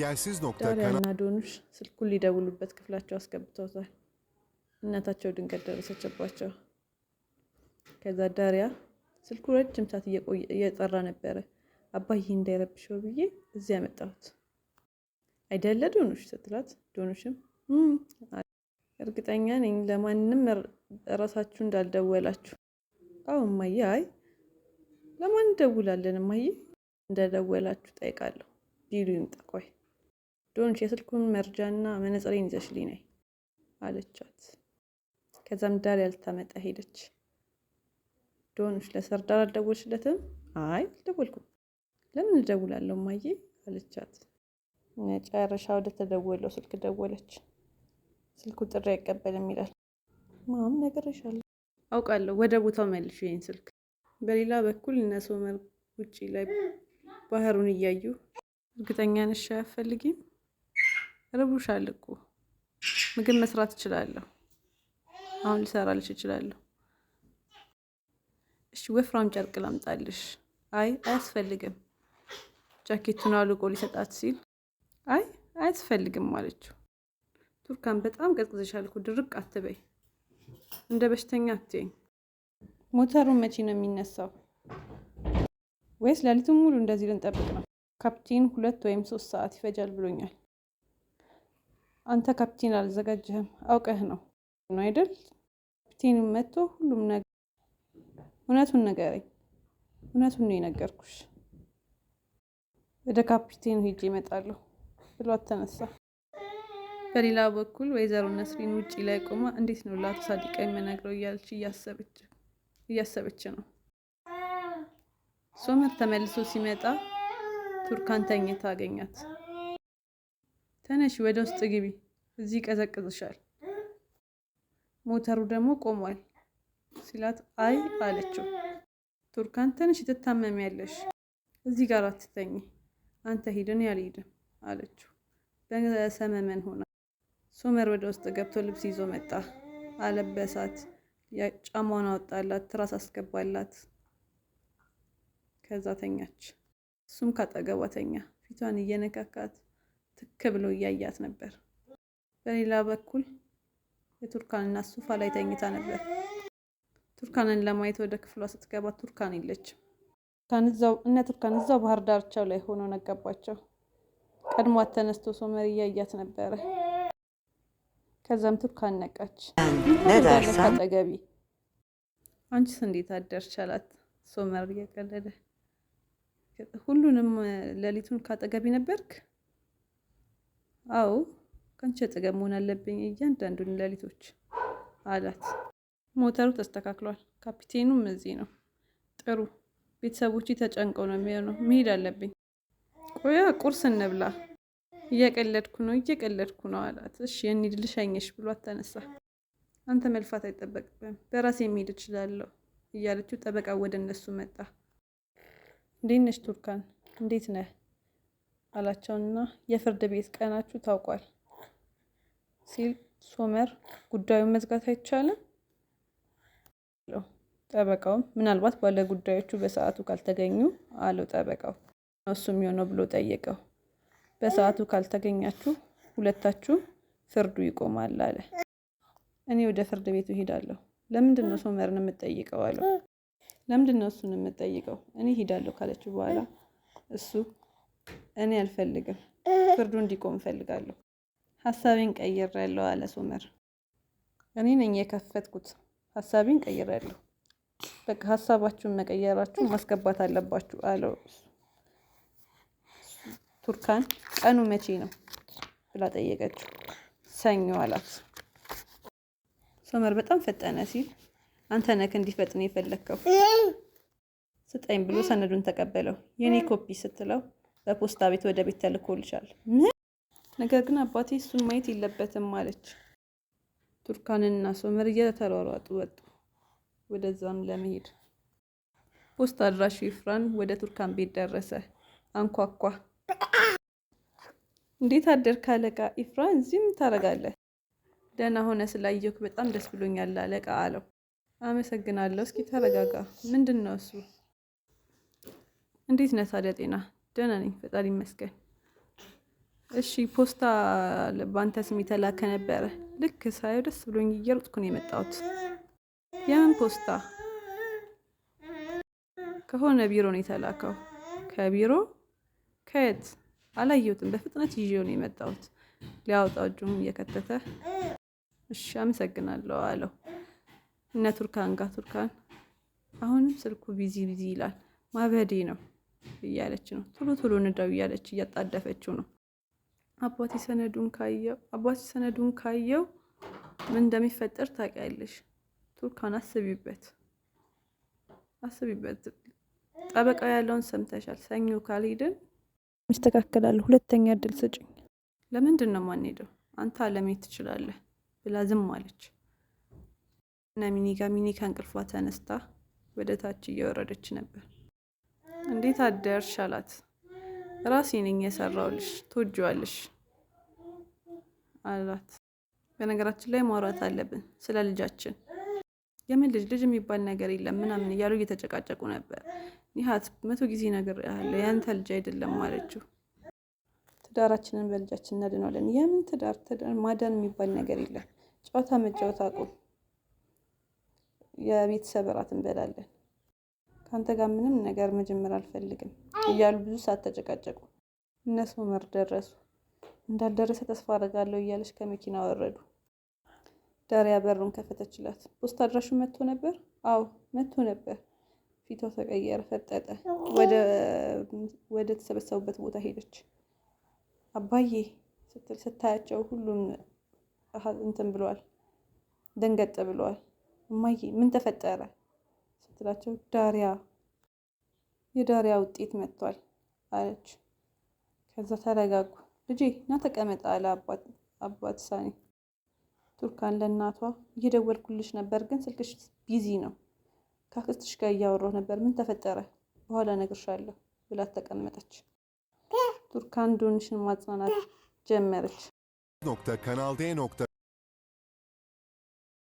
ዳሪያና ዶኑሽ ስልኩን ሊደውሉበት ክፍላቸው አስገብተውታል። እናታቸው ድንገት ደረሰችባቸው። ከዛ ዳሪያ ስልኩ ረጅም ሰዓት እየጠራ ነበረ። አባዬ እንዳይረብሸው ብዬ እዚህ ያመጣሁት አይደለ ዶኖሽ ስትላት፣ ዶኑሽም እርግጠኛ ነኝ ለማንም ራሳችሁ እንዳልደወላችሁ። አዎ እማዬ፣ አይ ለማን እንደውላለን እማዬ፣ እንደደወላችሁ ጠይቃለሁ ቢሉ ይምጣ። ቆይ ዶንሽ የስልኩን መርጃና መነጽሬን ይዘሽልኝ ነይ አለቻት። ከዛም ዳር ያልታመጠ ሄደች። ዶንሽ ለሰርዳር አልደወልሽለትም? አይ አልደወልኩም። ለምን እደውላለሁ ማዬ አለቻት። መጨረሻ ወደ ተደወለው ስልክ ደወለች። ስልኩ ጥሪ አይቀበልም ይላል። ማም ነግሬሻለሁ፣ አውቃለሁ። ወደ ቦታው መልሽ ይህን ስልክ። በሌላ በኩል እነ ሶመር ውጪ ላይ ባህሩን እያዩ እርግጠኛ ነሽ አያፈልጊም ርቡሻል እኮ ምግብ መስራት እችላለሁ። አሁን ልሰራልሽ እችላለሁ። እሺ ወፍራም ጨርቅ ላምጣልሽ? አይ አያስፈልግም። ጃኬቱን አውልቆ ሊሰጣት ሲል አይ አያስፈልግም አለችው። ቱርካን በጣም ቀዝቅዘሻል እኮ ድርቅ አትበይ፣ እንደ በሽተኛ አትይኝ። ሞተሩን መቼ ነው የሚነሳው? ወይስ ሌሊቱን ሙሉ እንደዚህ ልንጠብቅ ነው? ካፕቴን ሁለት ወይም ሶስት ሰዓት ይፈጃል ብሎኛል። አንተ ካፕቴን አልዘጋጀህም አውቀህ ነው ነው አይደል? ካፕቴንም መጥቶ ሁሉም ነገር እውነቱን ነገረኝ። እውነቱን ነው የነገርኩሽ። ወደ ካፕቴኑ ሄጄ እመጣለሁ ብሏት ተነሳ። በሌላ በኩል ወይዘሮ ነስሪን ውጪ ላይ ቆማ እንዴት ነው ለአቶ ሳዲቃ የምነግረው እያለች እያሰበች ነው። ሶመር ተመልሶ ሲመጣ ቱርካን ተኝታ አገኛት። ተነሽ፣ ወደ ውስጥ ግቢ፣ እዚህ ይቀዘቅዝሻል። ሞተሩ ደግሞ ቆሟል ሲላት አይ አለችው። ቱርካን ትንሽ ትታመሚያለሽ፣ እዚህ ጋር አትተኝ፣ አንተ ሂድን ያልሂድም አለችው። በሰመመን ሆና ሶመር ወደ ውስጥ ገብቶ ልብስ ይዞ መጣ፣ አለበሳት፣ ጫማዋን አወጣላት፣ ትራስ አስገባላት። ከዛ ተኛች። እሱም ካጠገቧ ተኛ፣ ፊቷን እየነካካት ትክ ብሎ እያያት ነበር። በሌላ በኩል የቱርካን እናት ሶፋ ላይ ተኝታ ነበር። ቱርካንን ለማየት ወደ ክፍሏ ስትገባ ቱርካን የለችም። እነ ቱርካን እዛው ባህር ዳርቻው ላይ ሆኖ ነገባቸው። ቀድሟት ተነስቶ ሶመር እያያት ነበረ። ከዛም ቱርካን ነቃች። ጠገቢ አንቺስ እንዴት አደርሽ አላት ሶመር እየቀለደ። ሁሉንም ሌሊቱን ካጠገቢ ነበርክ አዎ ከአንቺ አጠገብ መሆን አለብኝ እያንዳንዱን ሌሊቶች አላት። ሞተሩ ተስተካክሏል። ካፒቴኑም እዚህ ነው። ጥሩ ቤተሰቦች ተጨንቀው ነው የሚሆነው። መሄድ አለብኝ። ቆያ ቁርስ እንብላ። እየቀለድኩ ነው እየቀለድኩ ነው አላት። እሺ እንሂድ ልሸኝሽ ብሏት ተነሳ። አንተ መልፋት አይጠበቅብም በራሴ መሄድ እችላለሁ እያለችው ጠበቃ ወደ እነሱ መጣ። እንዴት ነሽ ቱርካን? እንዴት ነህ? አላቸውና የፍርድ ቤት ቀናችሁ ታውቋል ሲል ሶመር ጉዳዩን መዝጋት አይቻልም። ጠበቃውም ምናልባት ባለ ጉዳዮቹ በሰዓቱ ካልተገኙ አለው። ጠበቃው እሱም የሆነው ብሎ ጠየቀው። በሰዓቱ ካልተገኛችሁ ሁለታችሁ ፍርዱ ይቆማል አለ። እኔ ወደ ፍርድ ቤቱ ሄዳለሁ። ለምንድን ነው ሶመርን የምጠይቀው አለው። ለምንድን ነው እሱን የምጠይቀው? እኔ ሄዳለሁ ካለችው በኋላ እሱ እኔ አልፈልግም። ፍርዱ እንዲቆም እፈልጋለሁ። ሀሳቤን ቀይሬያለሁ አለ ሶመር። እኔ ነኝ የከፈትኩት። ሀሳቤን ቀይሬያለሁ። በቃ ሀሳባችሁን መቀየራችሁን ማስገባት አለባችሁ አለው። ቱርካን ቀኑ መቼ ነው ብላ ጠየቀችው። ሰኞ አላት። ሶመር በጣም ፈጠነ ሲል አንተ ነክ እንዲፈጥን የፈለግከው ስጠኝ ብሎ ሰነዱን ተቀበለው። የኔ ኮፒ ስትለው በፖስታ ቤት ወደ ቤት ተልኮልሻል። ነገር ግን አባቴ እሱን ማየት የለበትም አለች። ቱርካንና ሶመር እየተሯሯጡ ወጡ፣ ወደዛም ለመሄድ ፖስታ አድራሽ ይፍራን ወደ ቱርካን ቤት ደረሰ። አንኳኳ። እንዴት አደርክ አለቃ? ኢፍራን እዚህ ምን ታደርጋለህ? ደህና ሆነ ስላየሁህ በጣም ደስ ብሎኛል አለቃ አለው። አመሰግናለሁ። እስኪ ተረጋጋ። ምንድን ነው እሱ? እንዴት ነህ ታዲያ ጤና ደህና ነኝ፣ ፈጣሪ ይመስገን። እሺ ፖስታ በአንተ ስም የተላከ ነበረ። ልክ ሳየው ደስ ብሎኝ እየሮጥኩ ነው የመጣሁት። የምን ፖስታ? ከሆነ ቢሮ ነው የተላከው። ከቢሮ ከየት? አላየሁትም። በፍጥነት ይዤው ነው የመጣሁት። ሊያወጣው እየከተተ እሺ አመሰግናለሁ አለው። እነ ቱርካን ጋር ቱርካን አሁንም ስልኩ ቢዚ ቢዚ ይላል። ማበዴ ነው። እያለች ነው። ቶሎ ቶሎ ንዳው እያለች እያጣደፈችው ነው። አባቴ ሰነዱን ካየው አባቴ ሰነዱን ካየው ምን እንደሚፈጠር ታውቂያለሽ። ቱርካን አስቢበት፣ አስቢበት። ጠበቃ ያለውን ሰምተሻል። ሰኞ ካልሄድን ይስተካከላለሁ። ሁለተኛ እድል ስጭኝ። ለምንድን ነው ማንሄደው? አንተ አለመሄድ ትችላለህ ብላ ዝም አለች። እና ሚኒጋ ሚኒ ከእንቅልፏ ተነስታ ወደ ታች እየወረደች ነበር። እንዴት አደርሽ አላት። ራሴ ነኝ የሰራውልሽ ትወጂዋለሽ አላት። በነገራችን ላይ ማውራት አለብን ስለ ልጃችን። የምን ልጅ ልጅ የሚባል ነገር የለም ምናምን እያሉ እየተጨቃጨቁ ነበር። ይህት መቶ ጊዜ ነገር ያለ ያንተ ልጅ አይደለም አለችው። ትዳራችንን በልጃችን እናድነዋለን። የምን ትዳር ትዳር ማዳን የሚባል ነገር የለም። ጨዋታ መጫወት አቁም። የቤተሰብ እራት እንበላለን። ከአንተ ጋር ምንም ነገር መጀመር አልፈልግም እያሉ ብዙ ሰዓት ተጨቃጨቁ። እነሱ መር ደረሱ። እንዳልደረሰ ተስፋ አደርጋለሁ እያለች ከመኪና ወረዱ። ዳሪያ በሩን ከፈተችላት። ፖስታ አድራሹ መጥቶ ነበር? አዎ መጥቶ ነበር። ፊቷ ተቀየረ፣ ፈጠጠ። ወደ ተሰበሰቡበት ቦታ ሄደች። አባዬ ስትል ስታያቸው ሁሉም እንትን ብለዋል፣ ደንገጥ ብለዋል። እማዬ ምን ተፈጠረ? ስትላቸው ዳሪያ የዳሪያ ውጤት መጥቷል አለች። ከዛ ተረጋጉ ልጄ እና ተቀመጠ አለ አባት ሳኒ። ቱርካን ለእናቷ እየደወልኩልሽ ነበር፣ ግን ስልክሽ ቢዚ ነው። ከአክስትሽ ጋር እያወራሁ ነበር። ምን ተፈጠረ? በኋላ እነግርሻለሁ ብላት ተቀመጠች። ቱርካን ዶንሽን ማጽናናት ጀመረች።